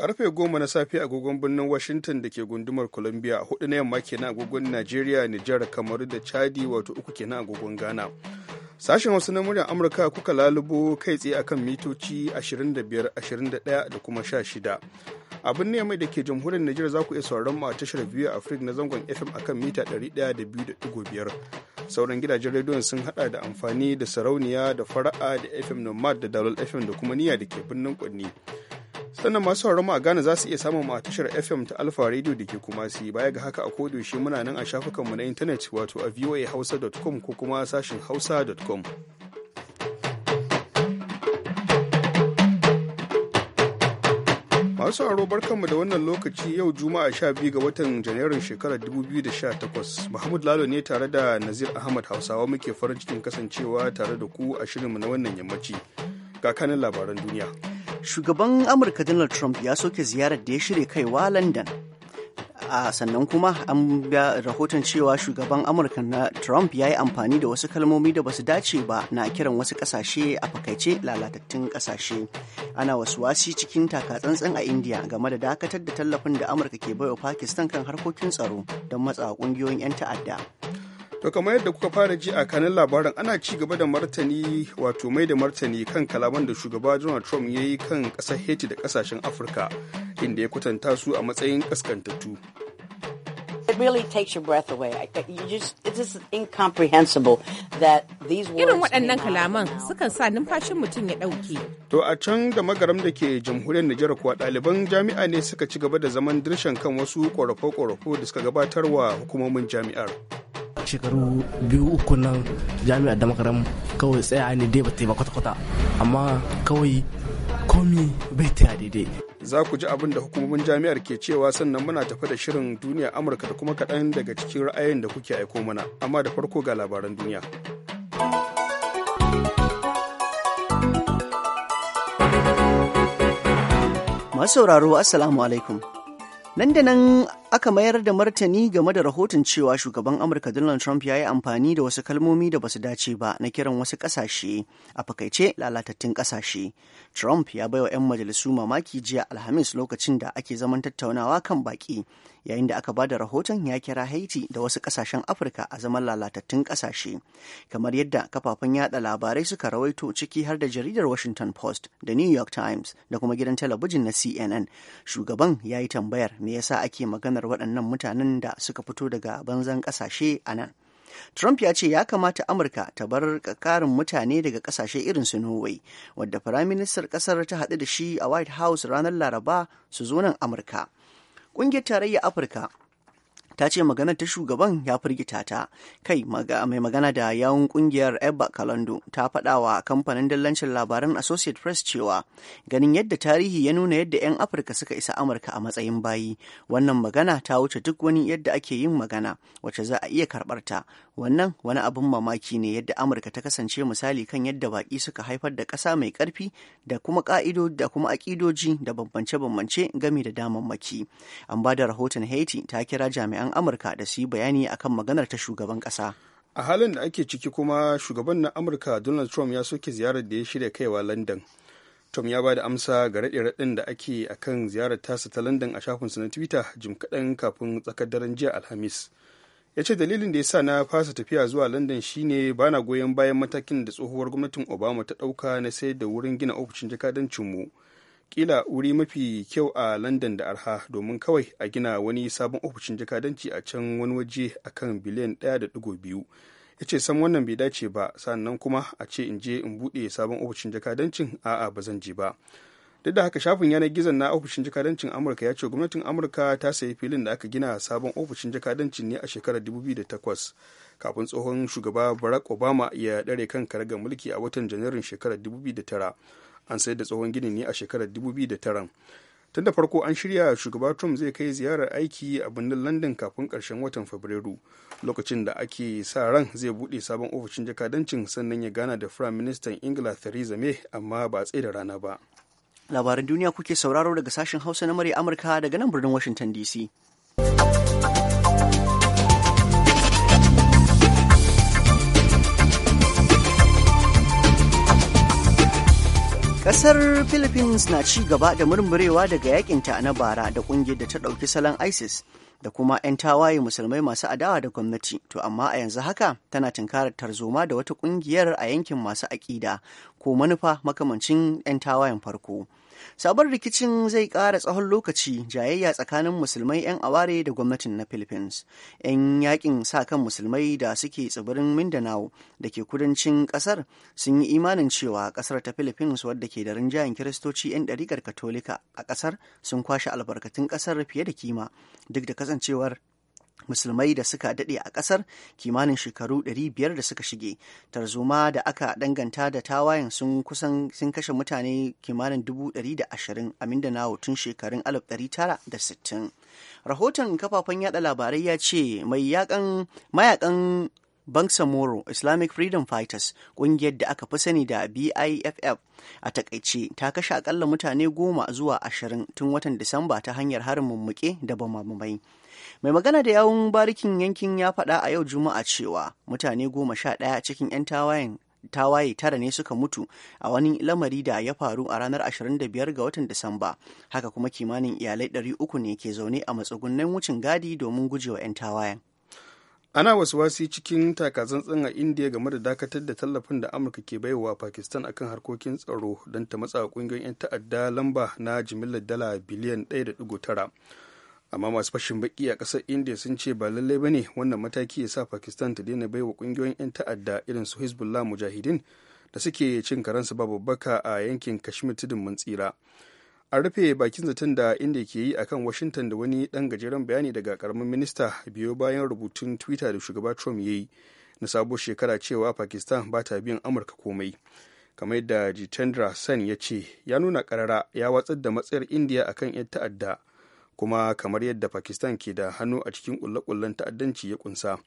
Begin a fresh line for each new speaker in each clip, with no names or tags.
karfe goma na safe agogon birnin washington da ke gundumar columbia hudu na yamma kenan agogon nigeria nijar kamaru da chadi wato uku kenan agogon ghana sashen wasu na muryar amurka kuka lalubo kai tsaye akan mitoci 25 21 da kuma 16 abin ne mai da ke jamhuriyar Nijar za ku iya sauran mu a tashar biyu a Afirka na zangon FM akan mita 102.5 sauran gidajen rediyon sun hada da amfani da sarauniya da fara'a da FM Nomad da Dalol FM da kuma niyya da ke birnin Kwanni sannan masu sauraron mu a Ghana za su iya samun mu a tashar FM ta Alpha Radio da ke kuma si baya ga haka a shi muna nan a shafukan mu na intanet wato a voahausa.com ko kuma sashin hausa.com. masu barkan barkanmu da wannan lokaci yau juma'a 12 ga watan janairun shekarar 2018 mahmud lalo ne tare da nazir ahmad hausawa muke farin cikin kasancewa tare da ku a shirinmu na wannan yammaci ga kanin labaran duniya shugaban
amurka donald trump ya soke ziyarar da ya shirya kaiwa london a sannan kuma an ga rahoton cewa shugaban amurka na trump ya yi amfani da wasu kalmomi da basu dace ba na kiran wasu kasashe a fakaice lalatattun kasashe ana wasu wasi cikin takatsantsan a india game da dakatar da tallafin da amurka ke baiwa pakistan kan harkokin tsaro don matsawa kungiyoyin 'yan ta'adda
To kamar yadda kuka fara ji a kanin labarin ana ci gaba da martani wato mai da martani kan kalaman da shugaba Donald Trump ya yi kan ƙasar Haiti da kasashen Afirka inda ya kwatanta su a matsayin ƙaskantattu.
Irin waɗannan kalaman sukan sa numfashin mutum ya ɗauke.
To a can da magaram da ke jamhuriyar Nijar kuwa ɗaliban jami'a ne suka ci gaba da zaman dirshan kan wasu ƙorafo-ƙorafo da suka gabatar wa hukumomin jami'ar.
shekaru biyu uku nan jami'ar da makaram kawai tsaya ne dai ba ta yi ba kwata-kwata amma kawai komi bai taya daidai
za ku ji abin da hukumomin jami'ar ke cewa sannan muna tafi da shirin duniya amurka da kuma kaɗan daga cikin ra'ayin da kuke aiko mana amma da farko ga labaran duniya
masu sauraro assalamu alaikum nan da nan aka mayar da martani game da rahoton cewa shugaban amurka donald trump ya yi amfani da wasu kalmomi da basu dace ba na kiran wasu kasashe a fakaice lalatattun kasashe trump ya baiwa 'yan majalisu mamaki jiya alhamis lokacin da ake zaman tattaunawa kan baki yayin da aka ba da rahoton ya kira haiti da wasu kasashen afirka a zaman lalatattun kasashe kamar yadda kafafen yada labarai suka rawaito ciki har da jaridar washington post da new york times da kuma gidan talabijin na cnn shugaban ya yi tambayar me yasa ake maganar maganar waɗannan mutanen da suka fito daga banzan ƙasashe a nan. Trump ya ce ya kamata Amurka ta bar karin mutane daga ƙasashe irin su Norway, wadda Firaministar ƙasar ta haɗu da shi a White House ranar Laraba su zo nan Amurka. Ƙungiyar Tarayyar Afirka ta ce maganar ta shugaban ya firgita ta kai mai magana da yawun kungiyar ebba kalando ta faɗa wa kamfanin dallancin labaran associate press cewa ganin yadda tarihi ya nuna yadda 'yan afirka suka isa amurka a matsayin bayi wannan magana ta wuce duk wani yadda ake yin magana wacce za a iya karɓar ta wannan wani abin mamaki ne yadda amurka ta kasance misali kan yadda baki suka haifar da ƙasa mai ƙarfi da kuma ƙa'ido da kuma aƙidoji da bambance-bambance gami da damammaki an ba da rahoton haiti ta kira jami'an amurka da su yi bayani akan maganar ta shugaban ƙasa a halin da ake ciki kuma shugaban na
amurka donald trump ya soke ziyarar da ya shirya kaiwa london tom ya ba da amsa ga raɗe-raɗen da ake a kan ziyarar tasa ta london a shafinsa na twitter jim kaɗan kafin tsakar daren jiya alhamis ya ce dalilin da ya sa na fasa tafiya zuwa london shine bana goyon bayan matakin da tsohuwar gwamnatin obama ta dauka na sayar da wurin gina ofishin jakadancin mu kila wuri mafi kyau a london da arha domin kawai a gina wani sabon ofishin jakadanci a can wani waje akan biliyan 1.2 ya ce san wannan bai dace ba sannan kuma a ce in je in buɗe sabon ofishin jakadancin a'a ba zan je ba duk da haka shafin yanar gizon na ofishin jakadancin amurka ya ce gwamnatin amurka ta sayi filin da aka gina sabon ofishin jakadancin ne a shekarar 2008 kafin tsohon shugaba barack obama ya dare kan karagar mulki a watan janairun shekarar 2009 an sayar da tsohon ginin ne a shekarar 2009 tun da farko an shirya shugaba trump zai kai ziyarar aiki a birnin london kafin karshen watan fabrairu lokacin da ake sa ran zai bude sabon ofishin jakadancin sannan ya gana da firayim ingila theresa may amma ba a tsaye da rana ba labaran duniya
kuke sauraro daga sashen hausa na murya amurka daga nan birnin washington dc Ƙasar Philippines na ci gaba da murmurewa daga yakinta na bara da ƙungiyar da ta ɗauki salon ISIS da kuma 'yan tawaye musulmai masu adawa da gwamnati. To amma a yanzu haka tana tunkarar tarzoma da wata ƙungiyar a yankin masu aƙida ko manufa makamancin 'yan tawayen farko. sabon rikicin zai ƙara tsawon lokaci jayayya tsakanin musulmai 'yan aware da gwamnatin na philippines 'yan yakin sa kan musulmai da suke tsibirin mindanao da ke kudancin ƙasar sun yi imanin cewa ƙasar ta philippines wadda ke da rinjayen kiristoci 'yan ɗariƙar katolika a ƙasar sun kwashe albarkatun ƙasar fiye da kima duk da kasancewar musulmai da suka daɗe a ƙasar kimanin shekaru 500 da suka shige tarzoma da aka danganta da tawayen sun kusan sun kashe mutane kimanin 120 a mindanao tun shekarun 1960 rahoton kafafen yada labarai ya ce mai yakan mayakan Moro Islamic Freedom Fighters ƙungiyar da aka fi sani da BIFF a takaice ta kashe akalla mutane goma zuwa ashirin tun watan Disamba ta hanyar harin mummuke da bamamai mai magana da yawun barikin yankin ya faɗa a yau juma'a cewa mutane goma sha ɗaya cikin 'yan tawayen tawaye tara ne suka mutu a wani lamari da ya faru a ranar 25 ga watan Disamba. Haka kuma kimanin iyalai 300 ne ke zaune a matsugunan wucin gadi domin gujewa 'yan tawayen. Ana wasu wasi cikin takazantsan a Indiya game da dakatar da tallafin
da Amurka ke baiwa Pakistan akan harkokin tsaro don ta matsa ƙungiyoyin 'yan ta'adda lamba na jimillar dala biliyan 1.9. amma masu fashin baki a ƙasar india sun ce ba lallai ba ne wannan mataki ya sa pakistan ta daina baiwa ƙungiyoyin 'yan ta'adda irin su hezbollah mujahidin da suke cin karansu ba babbaka a yankin kashmir tudun mun tsira an rufe bakin zaton da inda ke yi akan washington da wani dan gajeren bayani daga karamin minista biyo bayan rubutun twitter da shugaba trump ya yi na sabuwar shekara cewa pakistan ba ta biyan amurka komai kamar yadda jitendra sen ya ce ya nuna karara ya watsar da matsayar india akan yan ta'adda kuma kamar yadda pakistan ke da hannu a cikin kulle-kullen ta'addanci ya kunsa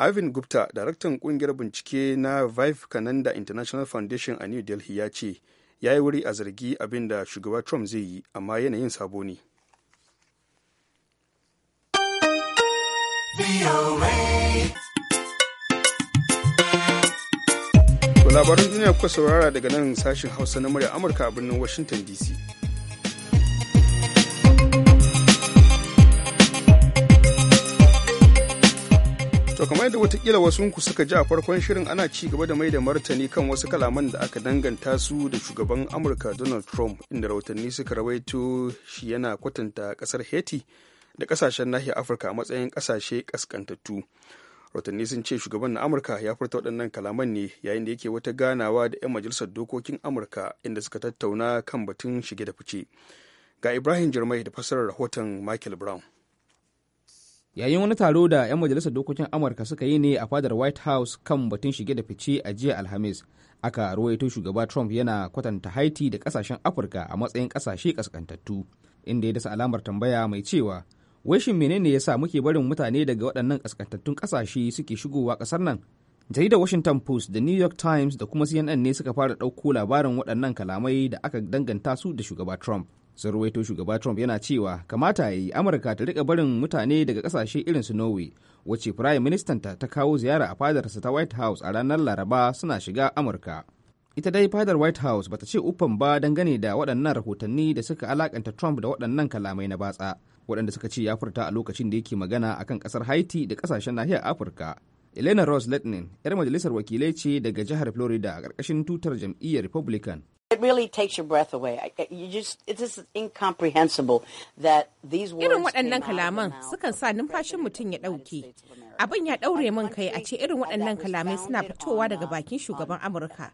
ivan Gupta, daraktan kungiyar bincike na Vive Kananda International Foundation a New Delhi ya ce, ya yi wuri a zargi abin da shugaba Trump zai yi, amma yanayin sabo ne. Labaran duniya kuka saurara daga nan sashin Hausa na murya Amurka a birnin Washington DC. To kamar yadda watakila wasunku suka ji a farkon shirin ana ci gaba da mai da martani kan wasu kalaman da aka danganta su da shugaban Amurka Donald Trump inda rahotanni suka rawaito shi yana kwatanta kasar Haiti da kasashen nahiyar Afirka a matsayin kasashe kaskantattu. Rahotanni sun ce shugaban na Amurka ya furta waɗannan kalaman ne yayin da yake wata ganawa da 'yan majalisar dokokin Amurka inda suka tattauna kan batun shige da fice. Ga Ibrahim Jirmai da fassarar rahoton Michael Brown. yayin wani
taro da 'yan majalisar dokokin amurka suka yi ne a fadar white house kan batun shige da fice a jiya alhamis aka ruwaito shugaba trump yana kwatanta haiti da kasashen afirka a matsayin kasashe kaskantattu inda ya dasa alamar tambaya mai cewa wai shin menene ya sa muke barin mutane daga waɗannan kaskantattun kasashe suke shigowa ƙasar nan jaridar washington post da new york times da kuma cnn ne suka fara ɗauko labarin waɗannan kalamai da aka danganta su da shugaba trump sun ruwaito shugaba trump yana cewa kamata ya yi amurka ta rika barin mutane daga kasashe irin su norway wacce prime minister ta ta kawo ziyara a fadarsa ta white house a ranar laraba suna shiga amurka ita dai fadar white house bata ce uffan ba dangane da waɗannan rahotanni da suka alakanta trump da waɗannan kalamai na batsa waɗanda suka ce ya furta a lokacin da yake magana akan ƙasar haiti da ƙasashen nahiyar afirka elena ross letnin yar majalisar wakilai ce daga jihar florida a ƙarƙashin tutar jam'iyyar republican
It really takes your breath away. You just incomprehensible that these words Irin waɗannan kalaman sukan sa numfashin mutum ya ɗauke. Abin ya ɗaure min kai a ce irin waɗannan kalamai suna fitowa daga bakin shugaban Amurka.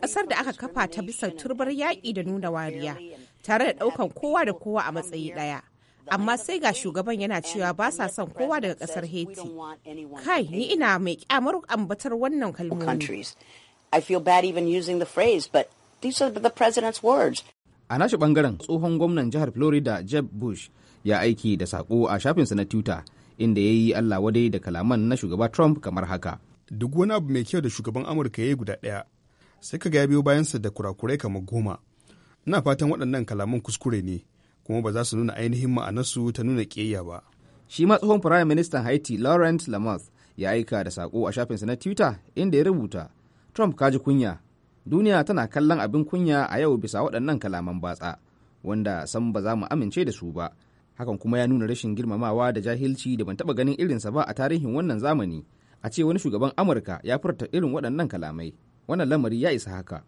Ƙasar da aka kafa ta bisa turbar yaƙi da nuna wariya, tare da ɗaukan kowa da kowa a matsayi ɗaya. amma sai ga shugaban yana cewa ba sa son kowa daga ƙasar
Haiti.
Kai, ni ina mai kyamar ambatar wannan kalmomi.
I feel bad even using the phrase, but These are the president's words. A nashi bangaren tsohon gwamnan jihar Florida Jeb Bush ya aiki da sako a shafinsa na Twitter inda ya yi
Allah wadai da kalaman na shugaba Trump kamar haka. Duk wani abu mai kyau da shugaban Amurka ya yi guda ɗaya, sai ka ga biyo bayansa da kurakurai kamar goma. Ina fatan waɗannan kalaman kuskure ne, kuma ba za su nuna ainihin ma'anarsu ta nuna ƙiyayya ba. Shi ma tsohon Firayim Ministan
Haiti Laurent Lamothe ya aika da sako a shafinsa na Twitter inda ya rubuta, Trump kaji kunya, duniya tana kallon abin kunya a yau bisa waɗannan kalaman batsa wanda san ba za mu amince da su ba hakan kuma ya nuna rashin girmamawa da jahilci da ban taɓa ganin irinsa ba a tarihin wannan zamani a ce wani shugaban amurka ya furta irin waɗannan kalamai wannan lamari ya isa haka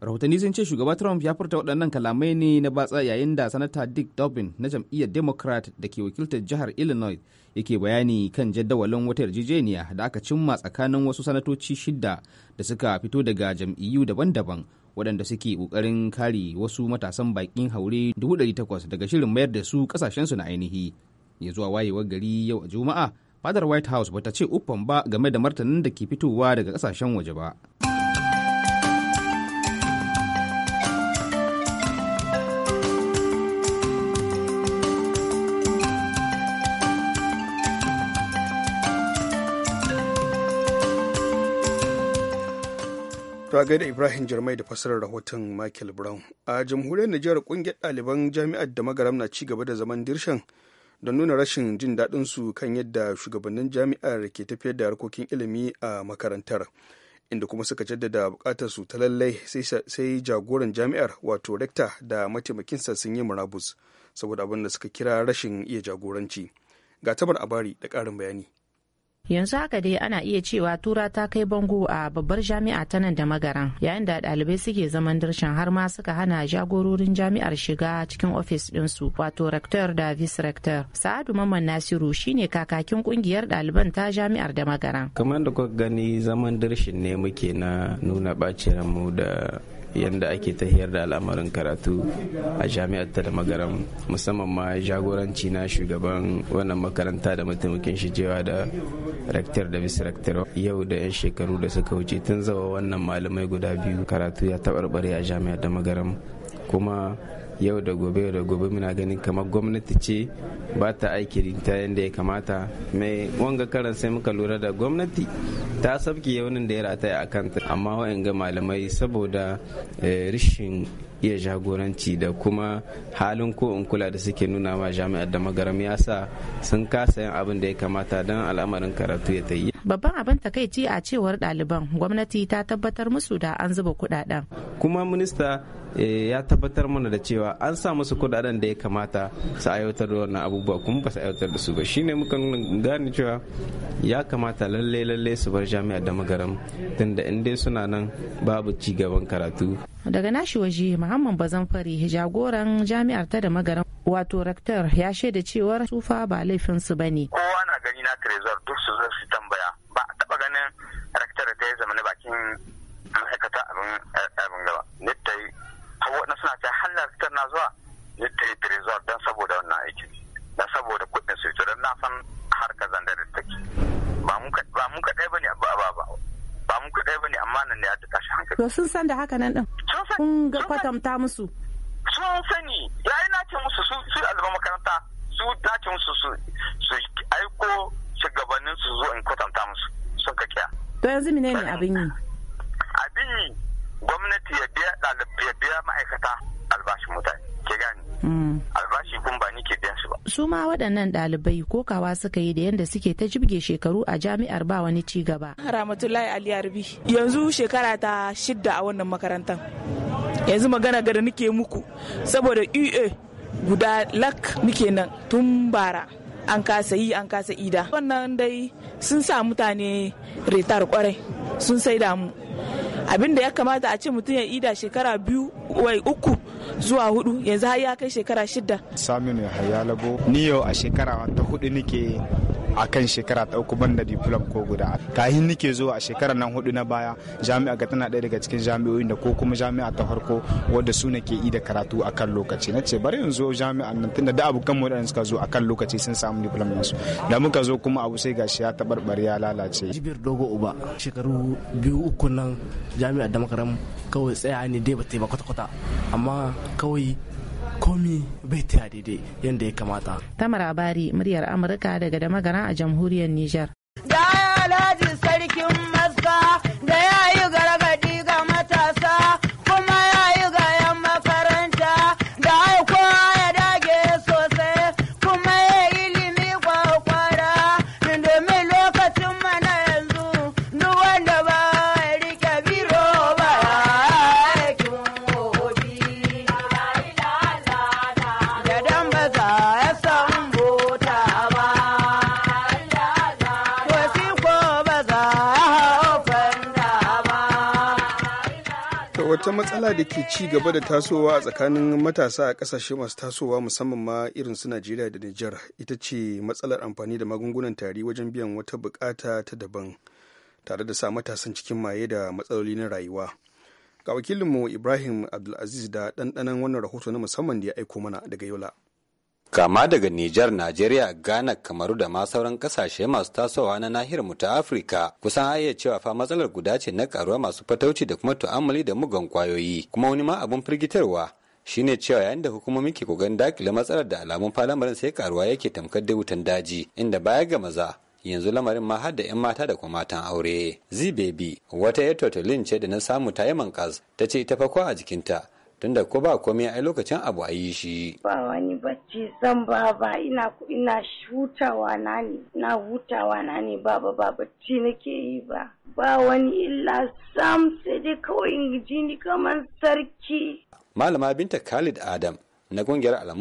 rahotanni sun ce shugaba trump ya furta waɗannan kalamai ne na batsa yayin da sanata dick dobbin na jam'iyyar democrat da ke wakiltar jihar illinois yake bayani kan jadawalin wata yarjejeniya da aka cimma tsakanin wasu sanatoci shidda da suka fito daga jam'iyyu daban-daban waɗanda suke ƙoƙarin kare wasu matasan baƙin haure 800 daga shirin mayar da su ƙasashensu na ainihi ya zuwa wayewar gari yau a juma'a fadar white house bata ce uffan ba game da martanin da ke fitowa daga kasashen waje ba.
a gaida Ibrahim Jirmai da fassarar rahoton Michael Brown. A jamhuriyar Nijar kungiyar ɗaliban jami'ar da magaram na ci gaba da zaman dirshan don nuna rashin jin daɗin su kan yadda shugabannin jami'ar ke tafiyar da harkokin ilimi a makarantar. Inda kuma suka jaddada bukatar su ta lallai sai jagoran jami'ar wato rekta da mataimakinsa sun yi murabus saboda abin da suka kira rashin iya jagoranci. Ga tabar abari da ƙarin bayani.
yanzu haka dai ana iya cewa tura ta kai bango a babbar jami'a ta nan da magaran yayin da ɗalibai suke zaman darshan har ma suka hana jagororin jami'ar shiga cikin ofis ɗinsu wato rector da vice rector sa'adu mamman nasiru shine kakakin kungiyar ɗaliban ta jami'ar da magaran
kamar da kuka gani zaman darshin ne muke na nuna bacin mu da yadda ake tahiyar da al'amarin karatu a jami'ar ta da magaram musamman ma jagoranci na shugaban wannan makaranta da mataimakin shijewa da rektar da vice rektar yau da 'yan shekaru da suka wuce tun zawa wannan malamai guda biyu karatu ya taɓarɓare a jami'ar da magaram kuma yau da gobe da gobe muna ganin kamar gwamnati ce ba ta aiki ta yadda ya kamata mai wanga karan sai muka lura da gwamnati ta sabki yaunin da ya rataya a kanta amma ga malamai saboda eh, rishin iya jagoranci da kuma halin ko in kula da suke nuna ma jami'ar da magaram ya sa sun kasa yin abin da ya kamata don al'amarin karatu ya ta yi.
Babban abin takaici a cewar ɗaliban gwamnati ta tabbatar musu da an zuba kuɗaɗen.
Kuma minista Eh, ya tabbatar mana da cewa an sa musu kudaden da ya kamata su aiwatar da wannan abubuwa kuma ba su aiwatar da su ba shine muka gane cewa ya kamata lalle lalle su bar jami'a da magaram tunda in dai suna nan babu ci gaban karatu
daga nashi waje muhammad bazan fari jagoran jami'ar ta da magaram wato rektar ya shaida cewar sufa ba laifin ba ne
kowa na gani na trezor duk su zo su tambaya ba a taba ganin rektar ta ya zama bakin ma'aikata abin gaba ne ta yi waɗanda suna ta hanyar fitar na zuwa ya tafi resort don saboda wannan aiki don saboda kudin su don na san harkar zanda da take ba mu kaɗai ba ne ba ba ba ba mun kaɗai ba ne amma nan ne ya tashi hankali. to
sun san da haka nan ɗin kun ga kwatanta musu.
sun sani yayi na ce musu su su alba makaranta su na ce musu su aiko shugabannin su zo in kwatanta musu sun ka
kiya. to yanzu mine ne abin yi.
abin yi gwamnati ya biya ya biya ma'aikata albashin mutane ke gani hmm. albashi kun ba ni ke biya su ba
su ma waɗannan ɗalibai kokawa suka yi da yadda suke ta jibge shekaru a jami'ar ba wani ci gaba
ramatullahi ali yarbi
yanzu shekara ta
shidda a wannan makarantar yanzu magana gari nake
muku saboda ua
guda lak nike nan tun bara an kasa yi an kasa ida wannan dai sun sa mutane retar kwarai sun sai mu. abin da ya kamata a ce mutum ya ida shekara biyu wai uku zuwa hudu yanzu har ya kai shekara shida
saminu ya hayalago ni yau a shekara ta hudu nake a kan shekara
ta uku banda diplom ko guda kahin nike zuwa a shekarar nan hudu na baya jami'a ga tana daya daga cikin jami'o'i da ko kuma jami'a ta farko wadda su ke yi da karatu a kan lokaci na ce bari in jami'a nan tunda da abokan mu waɗanda suka zo a kan lokaci sun samu diplom nasu da muka zo kuma abu sai gashi ya taɓarɓare ya lalace. jibir
dogo uba shekaru biyu uku nan jami'a da makaram kawai tsaya ne dai ba ta yi ba kwata-kwata amma kawai komi bai ta daidai yadda ya kamata.
Tamar Abari, muryar Amurka daga da magana a jamhuriyar Nijar. Da Alhaji
wata matsala da ke ci gaba da tasowa a tsakanin matasa a kasashe masu tasowa musamman ma irin su najeriya da nijar ita ce matsalar amfani da magungunan tari wajen biyan wata bukata ta daban tare da sa matasan cikin maye da matsaloli na rayuwa ga wakilinmu ibrahim abdulaziz da ɗanɗanan wannan rahoto na musamman da ya aiko mana daga yola
kama daga Nijar, Najeriya, Ghana, Kamaru da ma sauran kasashe masu tasowa na nahiyar mu ta Afirka kusan iya cewa fa matsalar guda ce na karuwa masu fatauci da kuma tu'amali da mugan kwayoyi kuma wani ma abun firgitarwa shine cewa yayin da hukumomi ke kokarin dakile matsalar da alamun falamarin sai karuwa yake tamkar da wutan daji inda baya ga maza yanzu lamarin ma har da 'yan mata da kuma matan aure zibebi wata yatotolin ce da na samu ta yi mankas ta ce ita fa a jikinta tunda ko ba komai ai lokacin abu a yi shi. Ba wani
bacci zan ba ba ina ina hutawa na ne na hutawa na ne ba ba ba bacci nake yi ba. Ba wani illa sam sai dai kawai
in ji ni kamar sarki.
Malama Binta Khalid Adam na kungiyar al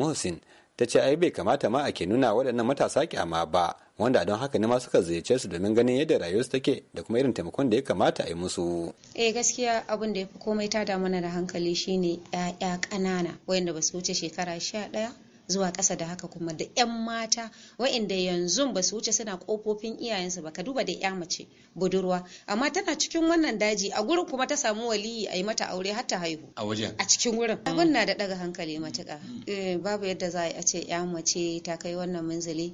ta ce ai bai kamata ma ake nuna waɗannan matasa kyama ba wanda don haka ne ma suka ziyarce su domin ganin yadda su take da kuma irin taimakon da ya kamata a yi musu.
Eh gaskiya abin da ya fi komai ta da mana da hankali shine ƴaƴa ƙanana wayanda ba su wuce shekara sha ɗaya zuwa ƙasa da haka kuma da 'yan mata wa'inda yanzu ba su wuce suna ƙofofin iyayensu ba ka duba da ƴa mace budurwa amma tana cikin wannan daji a gurin kuma ta samu waliyi a yi mata aure har ta haihu a wajen a cikin wurin abin na da ɗaga hankali matuƙa mm. eh, babu yadda za a ce ƴa mace ta kai wannan munzali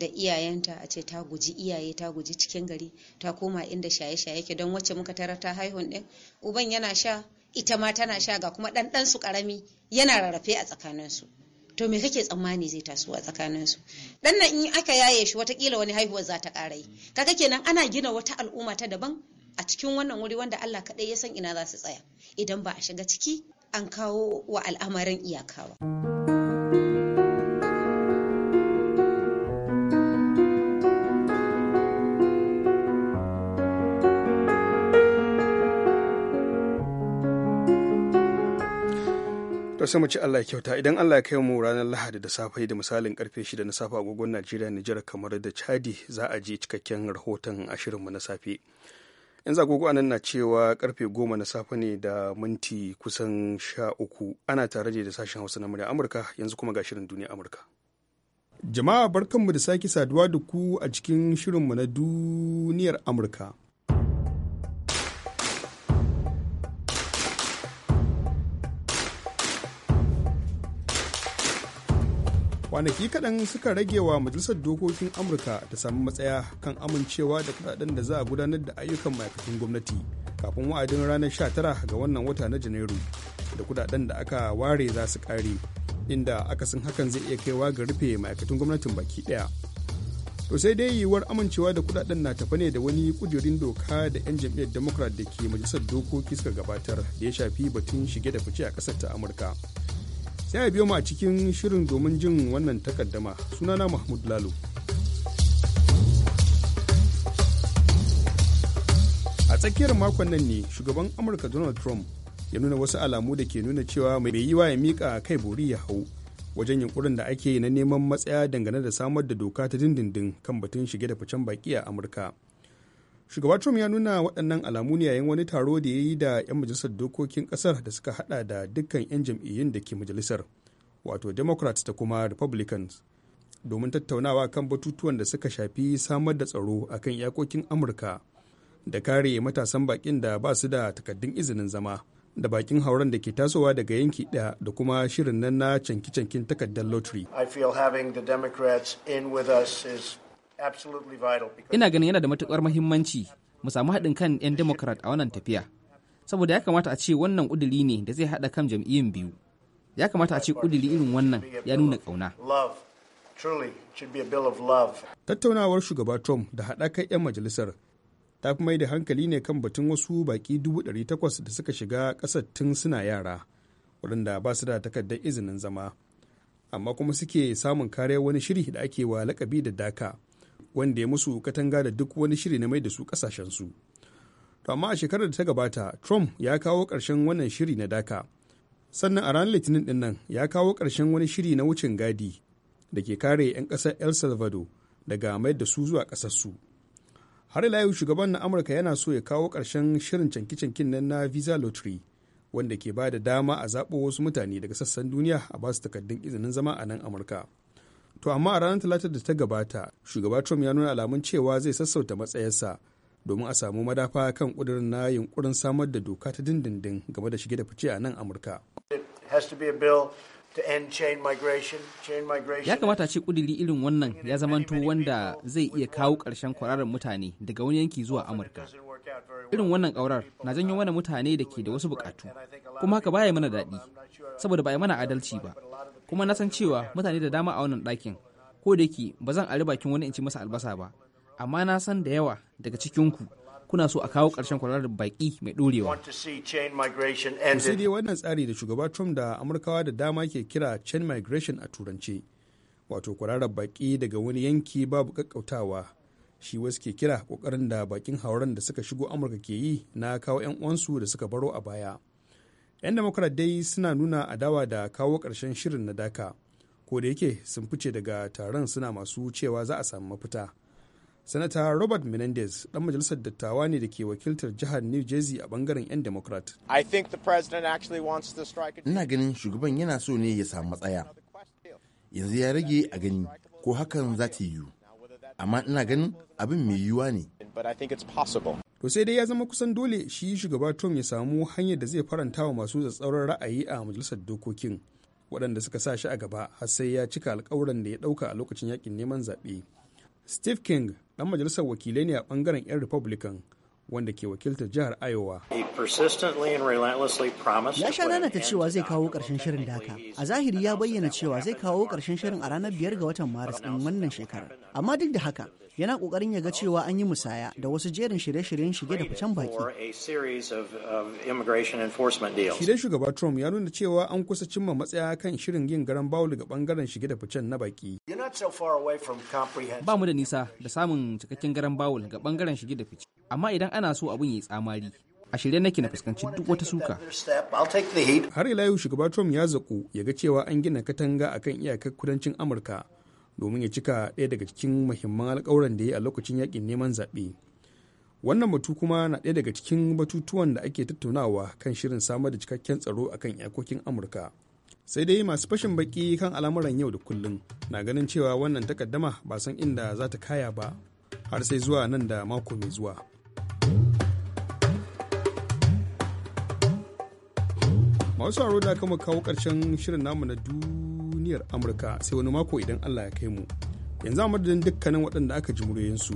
da iyayenta a ce ta guji iyaye ta guji cikin gari ta koma inda shaye-shaye ke don wacce muka tara ta haihun din uban yana sha ita ma tana sha ga kuma dan su karami yana rarrafe a tsakaninsu to me kake tsammani zai taso a tsakaninsu dan nan in aka yaye shi wata kila wani haihuwar za ta ƙara kaga kenan ana gina wata al'umma ta daban a cikin wannan wuri wanda Allah kaɗai ya san ina za su tsaya idan ba a shiga ciki an kawo wa al'amarin iyakawa.
to sai mu ci Allah ya kyauta idan Allah ya kai mu ranar Lahadi da safe da misalin karfe 6 na safe agogon Najeriya Nijar kamar da Chadi za a ji cikakken rahoton a shirin mu na safe yan zagogo anan na cewa karfe 10 na safe ne da minti kusan 13 ana tare da sashen Hausa na murya Amurka yanzu kuma ga shirin duniya Amurka Jama'a barkanmu da sake saduwa da ku a cikin shirin mu na duniyar Amurka kwanaki kaɗan suka rage wa majalisar dokokin amurka ta sami matsaya kan amincewa da kudaden da za a gudanar da ayyukan ma'aikatan gwamnati kafin wa'adin ranar 19 ga wannan wata na janairu da kudaden da aka ware za su ƙare inda akasin hakan zai iya kaiwa ga rufe ma'aikatan gwamnatin baki ɗaya to sai dai yiwuwar amincewa da kudaden na tafa da wani kujerun doka da 'yan jam'iyyar democrat da ke majalisar dokoki suka gabatar da ya shafi batun shige da fice a kasar ta amurka sai a biyo mu a cikin shirin domin jin wannan takaddama sunana mahmud lalo a tsakiyar makon nan ne shugaban amurka donald trump ya nuna wasu alamu da ke nuna cewa mai yiwa ya mika kai bori ya hau wajen yunkurin da ake na neman matsaya dangane da samar da doka ta dindindin kan batun shige da ficen baki a amurka shugaba trump ya nuna waɗannan alamu ne yayin wani taro da ya yi da 'yan majalisar dokokin ƙasar da suka hada da dukkan 'yan jam'iyyun da ke majalisar wato democrats da kuma republicans domin tattaunawa kan batutuwan da suka shafi samar da tsaro akan iyakokin amurka da kare matasan bakin da ba su da takaddun izinin zama da bakin hauren da ke tasowa daga yanki ɗaya da kuma shirin nan na canki-cankin takardar lottery.
I having the Democrats in with
Ina ganin yana da matukar muhimmanci mu samu haɗin kan 'yan Democrat a wannan tafiya. Saboda ya kamata a ce wannan ƙuduri ne da zai haɗa kan jam'iyyun biyu. Ya kamata a ce ƙuduri irin wannan
ya nuna ƙauna. Tattaunawar shugaba Trump da haɗakar 'yan majalisar ta fi mai da hankali ne kan batun wasu baƙi takwas da suka shiga ƙasar tun suna yara, waɗanda ba su da takardar izinin zama. Amma kuma suke samun kare wani shiri da ake wa lakabi da daka. wanda ya musu katanga da duk wani shiri na mai da su kasashensu amma a shekarar da ta gabata trump ya kawo ƙarshen wannan shiri na daka sannan a ranar litinin ɗin nan ya kawo ƙarshen wani shiri na wucin gadi da ke kare 'yan ƙasar el salvador daga mai da su zuwa ƙasarsu har ila yau shugaban na amurka yana so ya kawo ƙarshen shirin canke-canken nan na visa lottery wanda ke ba da dama a zaɓo wasu mutane daga sassan duniya a basu takardun izinin zama a nan amurka To amma a ranar Talatar da ta gabata, shugaba Trump ya nuna alamun cewa zai sassauta matsayarsa domin a samu madafa kan ƙudurin na yunkurin samar da doka ta dindindin game da shige da fice a nan Amurka.
Ya kamata
ce ƙudiri irin wannan ya zamanto wanda zai iya kawo ƙarshen kwararren mutane daga wani yanki zuwa Amurka. Irin wannan ƙaurar na janyo mana mutane da ke da wasu buƙatu, kuma haka baya mana daɗi, saboda ba mana adalci ba. kuma na san cewa mutane da dama a wannan ɗakin ko da yake ba zan ari bakin wani in ci masa albasa ba amma
na san da yawa daga cikinku kuna so a kawo ƙarshen kwararar baƙi mai ɗorewa. sai dai wannan tsari da shugaba trump da amurkawa da dama ke kira chain migration a turance wato kwararar baƙi daga wani yanki babu ƙaƙƙautawa shi wasu ke kira ƙoƙarin da baƙin hauran da suka shigo amurka ke yi na kawo 'yan uwansu da suka baro a baya 'yan democrat dai suna nuna adawa da kawo karshen shirin na daka ko da yake sun fice daga taron suna masu cewa za a samu mafita sanata robert menendez dan majalisar dattawa ne da ke wakiltar jihar new jersey a bangaren 'yan democrat ina ganin shugaban yana so ne ya samu matsaya yanzu ya rage a gani ko hakan za ta yiwu amma ina ganin abin mai yiwuwa ne to sai dai ya zama kusan dole shi shugaba trump ya samu hanyar da zai faranta wa masu tsatsauran ra'ayi a majalisar dokokin waɗanda suka sa shi a gaba har sai ya cika alkawuran da ya ɗauka a lokacin yakin neman zaɓe steve king ɗan majalisar wakilai ne a ɓangaren 'yan republican wanda ke wakiltar jihar Iowa.
Ya sha nanata cewa
zai kawo karshen shirin daka. A zahiri ya bayyana cewa zai kawo ƙarshen shirin a ranar biyar ga watan Maris ɗin wannan shekarar. Amma duk da haka, yana ƙoƙarin ya ga cewa an yi musaya da wasu jerin shirye-shiryen shige da ficen baki.
Shirin shugaba Trump ya nuna cewa an kusa cimma matsaya kan shirin yin garan bawul ga bangaren shige da fitan na baki. Ba mu da nisa da samun cikakken
garan bawul ga bangaren shige da fice. Amma idan ana so abin ya yi tsamari a shirye nake na fuskanci duk wata
suka. Har ila yau shugaba Trump ya zaku ya ga cewa an gina katanga akan iyakar kudancin Amurka domin ya cika ɗaya daga cikin muhimman alkawuran da ya yi a lokacin yakin neman zaɓe. Wannan batu kuma na ɗaya daga cikin batutuwan da ake tattaunawa kan shirin samar da cikakken tsaro akan iyakokin Amurka. Sai dai masu fashin baki kan al'amuran yau da kullum na ganin cewa wannan takaddama ba san inda za ta kaya ba har sai zuwa nan da mako mai zuwa. masu sauraro da kama kawo karshen shirin namu na duniyar amurka sai wani mako idan allah ya kai mu yanzu a madadin dukkanin waɗanda aka ji muryoyinsu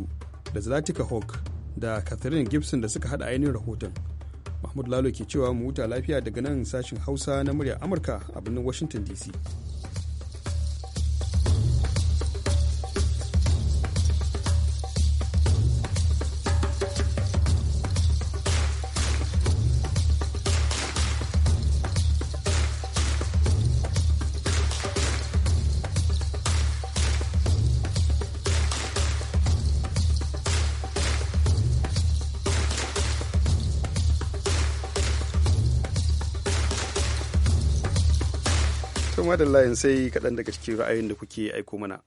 da zlatika hawk da catherine gibson da suka haɗa ainihin rahoton mahmud lalo ke cewa mu huta lafiya daga nan sashen hausa na muryar amurka a birnin washington dc da layin sai kaɗan daga cikin ra'ayin da kuke aiko mana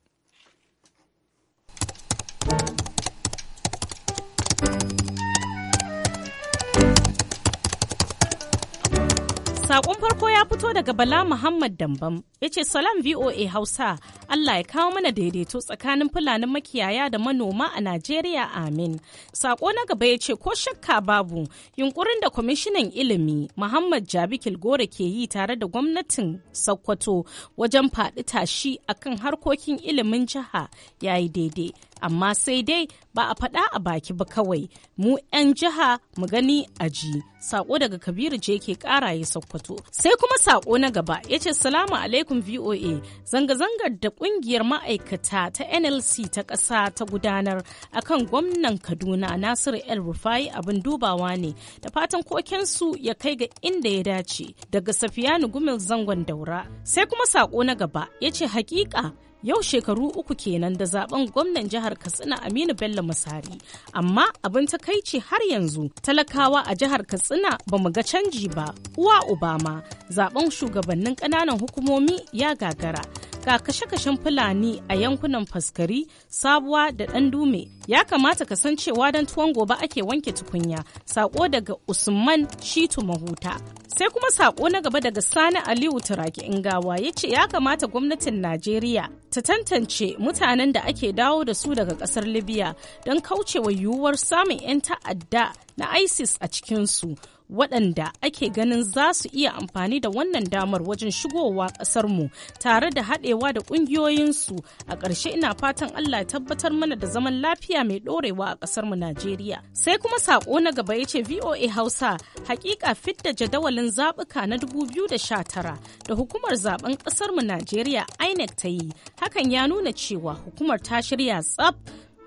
Sakon farko ya fito daga Bala Muhammad Dambam ya ce salam VOA Hausa Allah ya kawo mana daidaito tsakanin fulanin makiyaya da manoma a Najeriya amin. Sako na gaba ya ce ko shakka babu yunkurin da kwamishinan ilimi Muhammad Jabi Kilgore ke yi tare da gwamnatin Sokoto wajen faɗi tashi akan harkokin ilimin jiha ya yi daidai. amma sai dai ba a faɗa a baki ba kawai mu 'yan jiha mu gani a ji sako daga kabiru je ke kara ya sokoto sai kuma sako na gaba ya ce salamu alaikum voa zanga-zangar da kungiyar ma'aikata ta nlc ta ƙasa ta gudanar akan gwamnan kaduna nasiru el rufai abin dubawa ne da fatan kokensu ya kai ga inda ya dace daga safiyanu gumil zangon daura sai kuma sako na gaba ya ce hakika yau shekaru uku kenan da zaben gwamnan jihar katsina aminu bello musari amma abin takaici har yanzu talakawa a jihar katsina ba mu ga canji ba uwa obama zaben shugabannin ƙananan hukumomi ya gagara ga kashe-kashen Fulani a yankunan Faskari, Sabuwa da Ɗandume. Ya kamata kasancewa don tuwon gobe ake wanke tukunya, sako daga Usman Shitu Mahuta. Sai kuma sako na gaba daga Sani Aliyu Turaki Ingawa ya ce ya kamata gwamnatin Najeriya ta tantance mutanen da ake dawo da su daga ƙasar Libya don kaucewa yiwuwar samun 'yan ta'adda na ISIS a cikinsu. waɗanda ake ganin za su iya amfani da wannan damar wajen shigowa ƙasarmu tare da haɗewa da ƙungiyoyinsu a ƙarshe ina fatan Allah ya tabbatar mana da zaman lafiya mai ɗorewa a ƙasarmu Najeriya. Sai kuma saƙo na gaba ya ce VOA Hausa hakika fidda jadawalin zaɓuka na 2019 da hukumar zaɓen ƙasarmu Najeriya INEC ta yi hakan ya nuna cewa hukumar ta shirya tsaf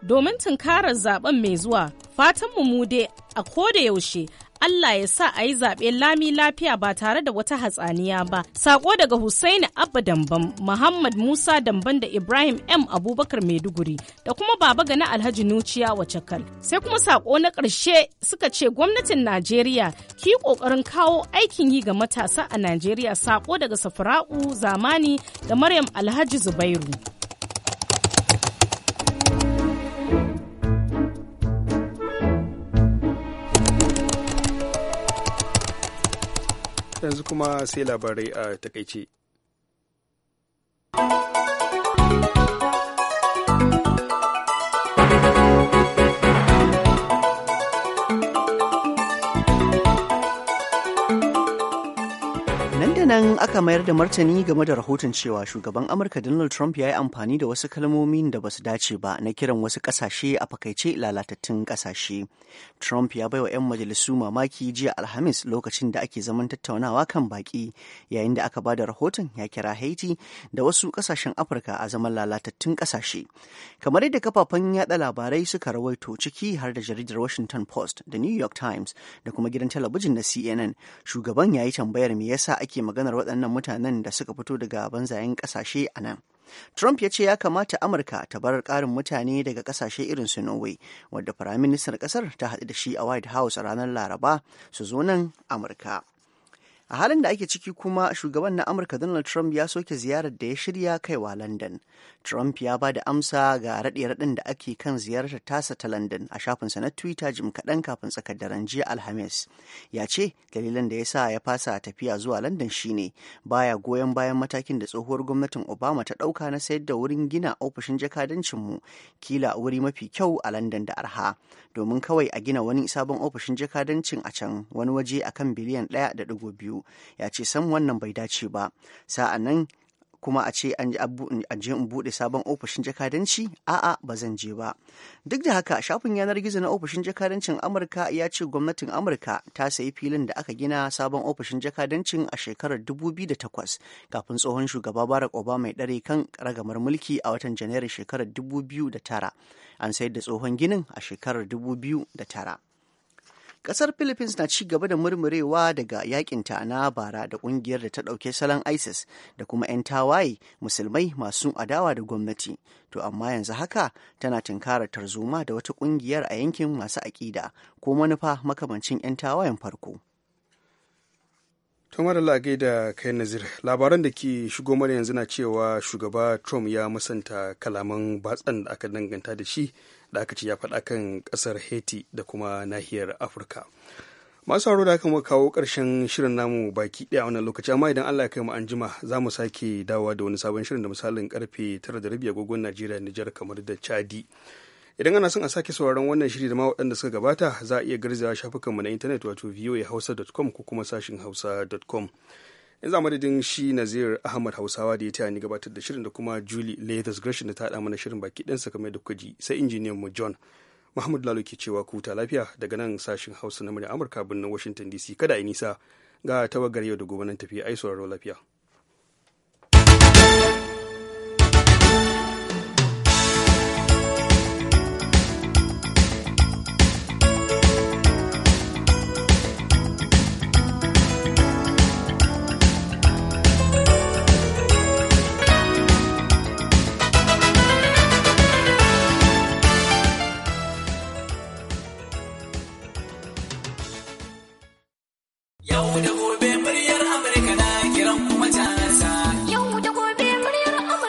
domin tunkarar zaben mai zuwa fatan mu dai a koda yaushe Allah ya sa a yi zaɓe lami lafiya ba tare da wata hatsaniya ba. Sako daga Hussaini Abba Dambam, Muhammad Musa Damban da Ibrahim M Abubakar Maiduguri da kuma Baba Gana Alhaji Nuciya Wacakal. Sai kuma sako na ƙarshe suka ce gwamnatin Najeriya ki ƙoƙarin kawo aikin yi ga matasa a Najeriya sako daga Safra'u Zamani da Maryam Alhaji Zubairu.
yanzu kuma sai labarai a takaice.
suka mayar da martani game da rahoton cewa shugaban Amurka Donald Trump ya yi amfani da wasu kalmomin da basu dace ba na kiran wasu kasashe a fakaice lalatattun kasashe Trump ya baiwa 'yan majalisu mamaki jiya Alhamis lokacin da ake zaman tattaunawa kan baki yayin da aka ba da rahoton ya kira Haiti da wasu kasashen Afirka a zaman lalatattun kasashe Kamar yadda kafafen yaɗa labarai suka rawaito ciki har da jaridar Washington Post da New York Times da kuma gidan talabijin na CNN, shugaban ya yi tambayar me yasa ake maganar waɗannan wannan mutanen da suka fito daga banzayen ƙasashe a nan. Trump ya ce ya kamata Amurka ta bar karin mutane daga ƙasashe irin su Norway, wadda Firaministan kasar ta haɗu da shi a White House ranar Laraba su zo nan Amurka. a halin da ake ciki kuma shugaban na amurka donald trump ya soke ziyarar da ya shirya kaiwa london Trump ya ba da amsa ga raɗe-raɗin da ake kan ziyartar tasa ta London a shafinsa na Twitter jim kaɗan kafin tsakar daren jiya Alhamis. Ya ce dalilin da ya sa ya fasa tafiya zuwa London shine baya goyon bayan matakin da tsohuwar gwamnatin Obama ta ɗauka na sayar da wurin gina ofishin jakadancinmu kila wuri mafi kyau a London da arha domin kawai a gina wani sabon ofishin jakadancin a can wani waje akan biliyan ɗaya da ɗigo biyu ya ce san wannan bai dace ba sa'annan nan kuma a ce an je in bude sabon ofishin jakadanci a'a ba zan je ba duk da haka shafin yanar gizo na ofishin jakadancin amurka ya ce gwamnatin amurka ta sayi filin da aka gina sabon ofishin jakadancin a shekarar 2008 kafin tsohon shugaba barack obama ya dare kan ragamar mulki a watan janairun shekarar 2009 an sayar da tsohon ginin a shekarar 2009 Kasar Philippines na ci gaba da murmurewa daga yakinta na bara da kungiyar da ta ɗauke salon ISIS da kuma 'yan tawaye musulmai masu adawa da gwamnati. To amma yanzu haka tana tunkara tarzoma da wata kungiyar a yankin masu aƙida ko manufa makamancin 'yan tawayen farko.
Tumar lagai da kai nazir labaran da ke shigo mana yanzu na cewa shugaba Trump ya musanta kalaman batsan da aka danganta da shi da aka ce ya faɗa kan ƙasar haiti da kuma nahiyar afirka masu haro da aka mu kawo ƙarshen shirin namu baki ɗaya wannan lokaci amma idan allah ya kai mu an jima za mu sake dawa da wani sabon shirin da misalin karfe tara da rabi agogon najeriya nijar kamar da chadi idan ana son a sake sauraron wannan shiri da ma waɗanda suka gabata za a iya garzawa shafukanmu na intanet wato voahausa.com ko kuma sashin hausa.com yanzu a madadin shi nazir ahmad hausawa da ya taya ni gabatar da shirin da kuma julie lathis gresham da ta haɗa mana shirin baki ɗansa kamar da kuka sai injiniyan mu john muhammad lalo ke cewa ku ta lafiya daga nan sashen hausa na murya amurka birnin washington dc kada a nisa ga tawagar yau da gobe nan tafiya ai sauraro lafiya